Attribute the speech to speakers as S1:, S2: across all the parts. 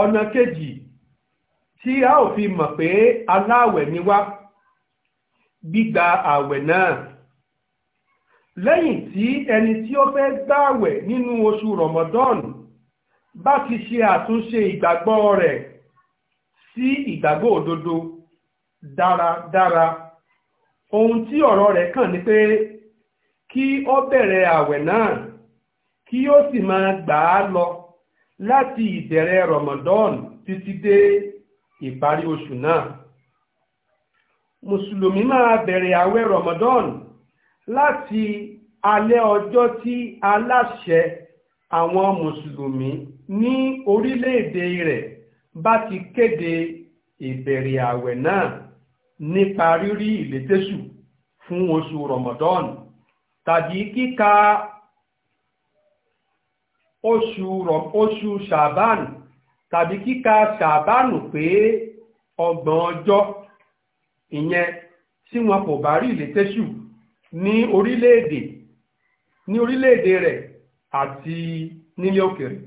S1: ọ̀nà kejì tí a ò fi mọ̀ pé aláàwẹ̀ ni wá gbígba àwẹ̀ náà lẹ́yìn tí ẹni tí ó fẹ́ gbààwẹ̀ nínú oṣù Ramadan bá ti ṣe àtúnṣe ìgbàgbọ́ rẹ̀ sí ìgbàgbọ́ òdodo dáradára ohun tí ọ̀rọ̀ rẹ̀ kàn ni pé kí ó bẹ̀rẹ̀ àwẹ̀ náà kí ó sì máa gbà á lọ láti ìbẹ̀rẹ̀ Ramadan títí dé ìparí oṣù náà mùsùlùmí máa bẹ̀rẹ̀ àwẹ̀ Ramadan láti alẹ́ ọjọ́ tí aláṣẹ àwọn mùsùlùmí ní orílẹ̀-èdè rẹ̀ bá ti kéde ìbẹ̀rẹ̀ àwẹ̀ náà nípa rírí ìlétésù fún oṣù Ramadan tàbí kíka oṣù ṣàbánù tàbí kíka ṣàbánù pé ọgbọ̀n ọjọ́ ìyẹn tí wọn kò bá rí ìlétẹ́sù ní orílẹ̀-èdè ní orílẹ̀-èdè rẹ̀ àti nílé òkèrè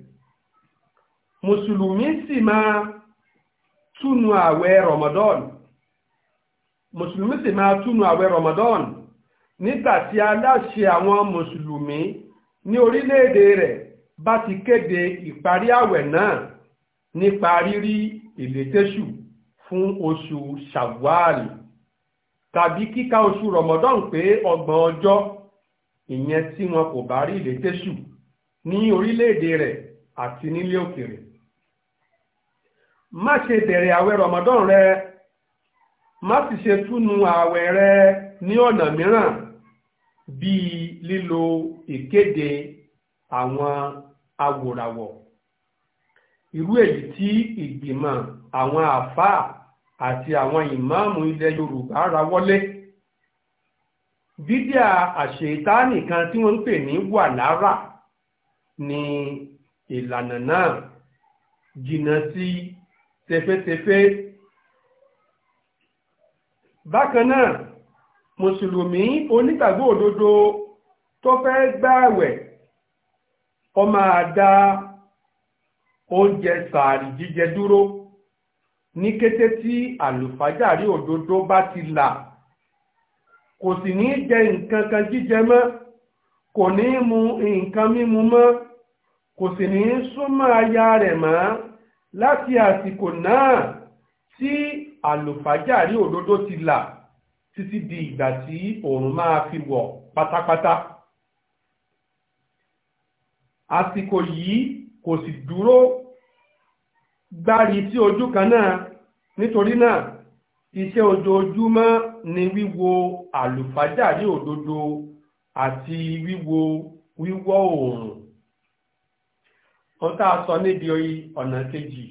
S1: mùsùlùmí sì máa túnu àwẹ̀ Ramadan mùsùlùmí sì máa túnu àwẹ̀ Ramadan nígbàtí aláṣẹ àwọn mùsùlùmí ní orílẹ̀-èdè rẹ̀ bá ti kéde ìparí àwẹ̀ náà nípa rírí èlétésù fún oṣù ṣàwáàlì tàbí kíka oṣù rọmọdán pé ọgbọ̀n ọjọ́ ìyẹn tí wọn kò bá rí èlétésù ní orílẹ̀-èdè rẹ̀ àti nílé òkèrè má ṣe bẹ̀rẹ̀ àwẹ̀ rọmọdán rẹ má sì ṣe túnu àwẹ̀ rẹ ní ọ̀nà mìíràn bíi lílo ìkéde àwọn awòràwọ̀ irú èyí tí ìgbìmọ̀ àwọn àfáà àti àwọn ìmáàmù ilẹ̀ Yorùbá rawọ́lé bídíà àṣetáànì kan tí wọ́n ń pè ní wàlára ni ìlànà náà jìnnà sí tẹfẹ́tẹfẹ́ bákan náà mùsùlùmí onígbàgbọ́ òdodo tó fẹ́ gbààwẹ̀ kó máa dá oúnjẹ sàárì jíjẹ dúró ní kété tí àlùfájàrí òdodo bá ti là kò sì ní jẹ nǹkan kan jíjẹ mọ́ kò ní mu nǹkan mímu mọ́ kò sì ní súnmọ́ aya rẹ̀ mọ́ láti àsìkò náà tí àlùfájàrí òdodo ti là títí di ìgbà tí òòrùn máa fi wọ̀ pátápátá àsìkò yìí kò sì dúró gbárí tí ojú kan náà nítorí náà iṣẹ́ ojoojúmọ́ ni wíwo àlùfájàrí òdodo àti wíwo wíwọ̀ oòrùn ohun tá a sọ níbi ọ̀nà kejì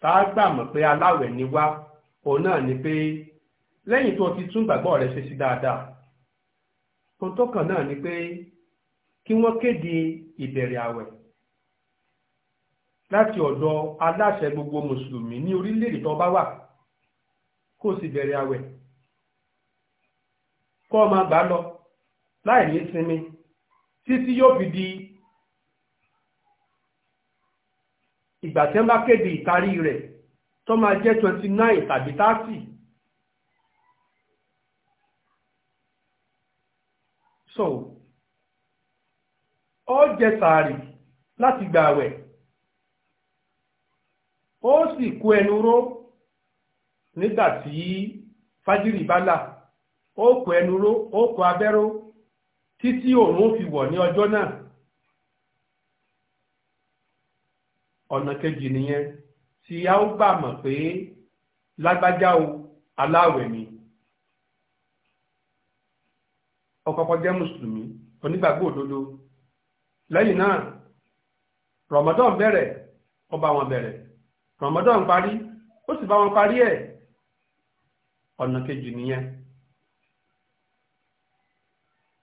S1: tá a gbà mọ̀ pé aláwẹ̀ ni wá òun náà ni pé lẹ́yìn tó ti tún gbàgbọ́ rẹ̀ ṣe sí dáadáa ohun tó kàn náà ni pé kí wọ́n kéde ìbẹ̀rẹ̀ àwẹ̀ láti ọ̀dọ̀ aláṣẹ gbogbo mùsùlùmí ní orílẹ̀-èdè tó bá wà kó sì bẹ̀rẹ̀ àwẹ̀ máa gbà lọ láì ní títí yóò fi di ìgbà tí wọ́n bá kéde ìtarí rẹ̀ tó máa jẹ́ twenty tàbí thirty so jẹ sàárì láti gbààwẹ̀ ó sì kó ẹnu ró nígbà tí fájírì bá là ó kó ẹnu ró ó kó abẹ́ró títí òun fi wọ̀ ní ọjọ́ náà ọ̀nà kejì nìyẹn tí a ó gbà mọ̀ pé lágbájá o aláwẹ̀ ni ọkọ̀ọ̀kọ̀ jẹ́ mùsùlùmí onígbàgbọ́ òdodo lẹ́yìn náà Ramadan bẹ̀rẹ̀ ó bá wọn bẹ̀rẹ̀ Ramadan parí ó sì bá wọn parí ẹ̀ ọ̀nà kejì nìyẹn